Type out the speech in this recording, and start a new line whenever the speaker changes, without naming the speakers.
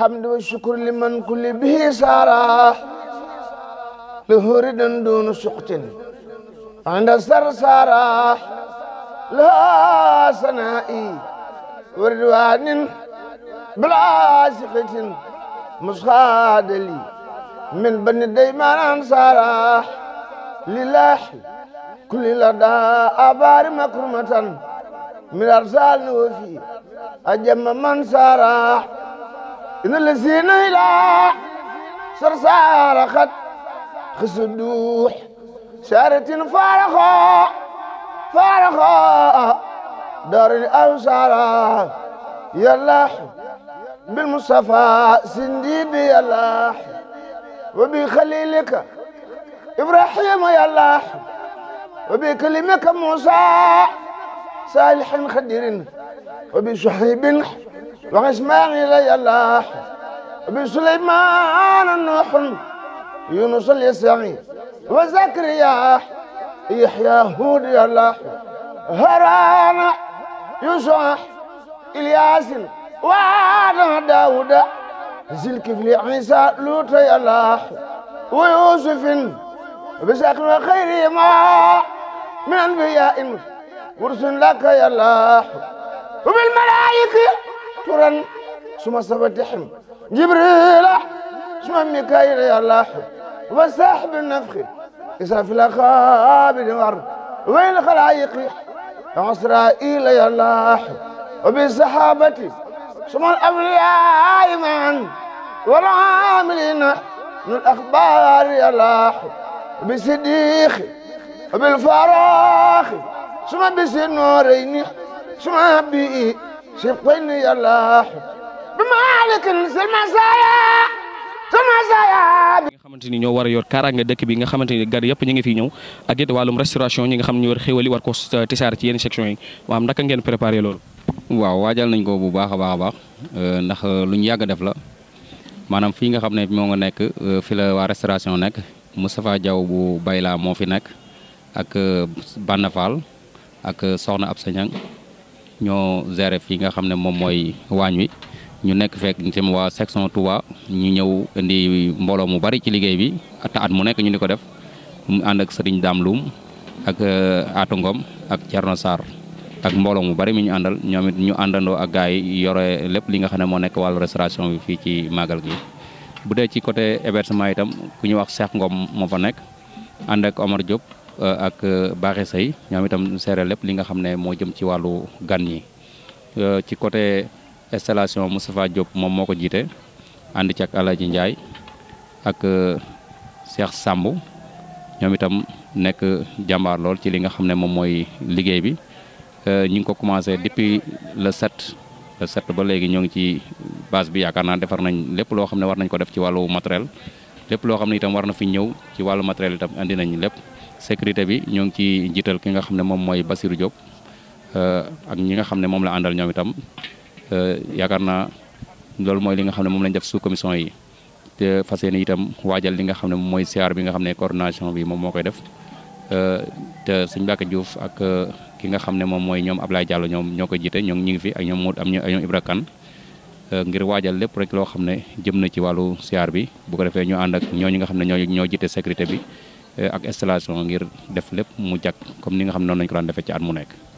حمد وشكر لمن كل به سارح لهرد دون سقط عند سرسارح لا سنائي وردوان بلا سقط مصاد لي من بني ديمان انصارح لله كل لدى أبار مكرمة من أرسال نوفي أجم من سارح إن الذين إلى صرصار خد خسدوح سارة فارغة فارغة دار الأوسارة يلاح بالمصطفى سندي يلاح وبخليلك إبراهيم يلاح وبكلمك موسى صالح خدير وبشحيب وإسماعيل يلاح بسليمان النوح يونس اليسعي وزكريا يحيى هود يلاح هران يوسف إلياس وآدم داود في عيسى لوط يلاح ويوسف بشكل وخير ما من أنبياء ورسل لك يلاح وبالملائكة مريم شما سبتحم جبريل سما ميكائيل يا الله وساحب النفخ إسافل خابد ورد وين الخلايق عسرائيل يا الله وبصحابتي شما الأولياء معا والعاملين من الأخبار يا الله بصديقي وبالفراخ سما بسنوريني سما بي شقني الله بمالك المزايا nga
xamante ni ñoo war a yor kaaraange dëkk bi nga xamante ni gar yëpp ñu ngi fi ñëw ak it wàllum restauration ñi nga xam ne ñu war xéwali war ko tisaar ci yenn section yi waaw naka ngeen préparé loolu waaw waajal nañ ko bu baax a baax a baax euh, ndax euh, lu ñu yàgg def la maanaam fii nga xam ne nga nekk euh, fi la waa restauration nekk Moustapha Diaw bu Bayla moo fi nekk ak Banna Fall ak Soxna Absa Niang ño zéré fi nga xamné ne moy wañ wi ñu nekk fekk mo wa section Touba ñu ñëw indi mbolo mu bari ci liggéey bi te at mu nekk ñu niko def mu ànd ak serigne damloum ak euh, Atou Ngom ak tierno sar ak mbolo mu bari mi ñu andal ñomit ñu andando ak gaay yoré yore li nga xamné mo nekk wal restauration bi fi ci magal gi bu dé ci côté hébergement itam ku ñu wax Cheikh Ngom mo fa nekk and ak Omar Diop Euh, ak euh, baaxe sey ñoom itam séré lépp li nga xamné mo jëm ci walu gan yi euh, ci côté installation Moustapha Diop mom moko jité and ci ak Aladji Ndiaye ak Cheikh Samb ñoom itam nek jambar lol ci li nga xamné mom moy liggéey bi ñu ngi ko commencé depuis le 7 le 7 ba légui ñong ci base bi yakarna défar nañ lépp lo xamné war nañ ko def ci walu matériel lépp lo xamné itam war na fi ñëw ci walu matériel itam andi nañ lépp sécurité bi ñoo ngi ci jiital ki nga xam ne moom mooy Basirou Diop euh, ak ñi nga xam ne moom la àndal ñoom itam euh, yaakaar naa loolu mooy li nga xam ne moom lañ def sous commission yi te fas yéene itam waajal li nga xam ne moom mooy siyaar bi nga xam ne coordination bi moom moo koy def euh, te sëñ Mbacke Diouf ak ki nga xam ne moom mooy ñoom Ablaye Diallo ñoom ñoo koy jiite ñoom ñu ngi fi ak ñoom Mout am ñu ak ñoom Ibra Kane ngir waajal lépp rek loo xam ne jëm na ci wàllu siyaar bi bu ko defee ñu ànd ak ñooñu nga xam ne ñoo ñoo jiite sécurité bi ak installation ngir def lépp mu jag comme ni nga xam noonu lañ ko daan defee ci at mu nekk.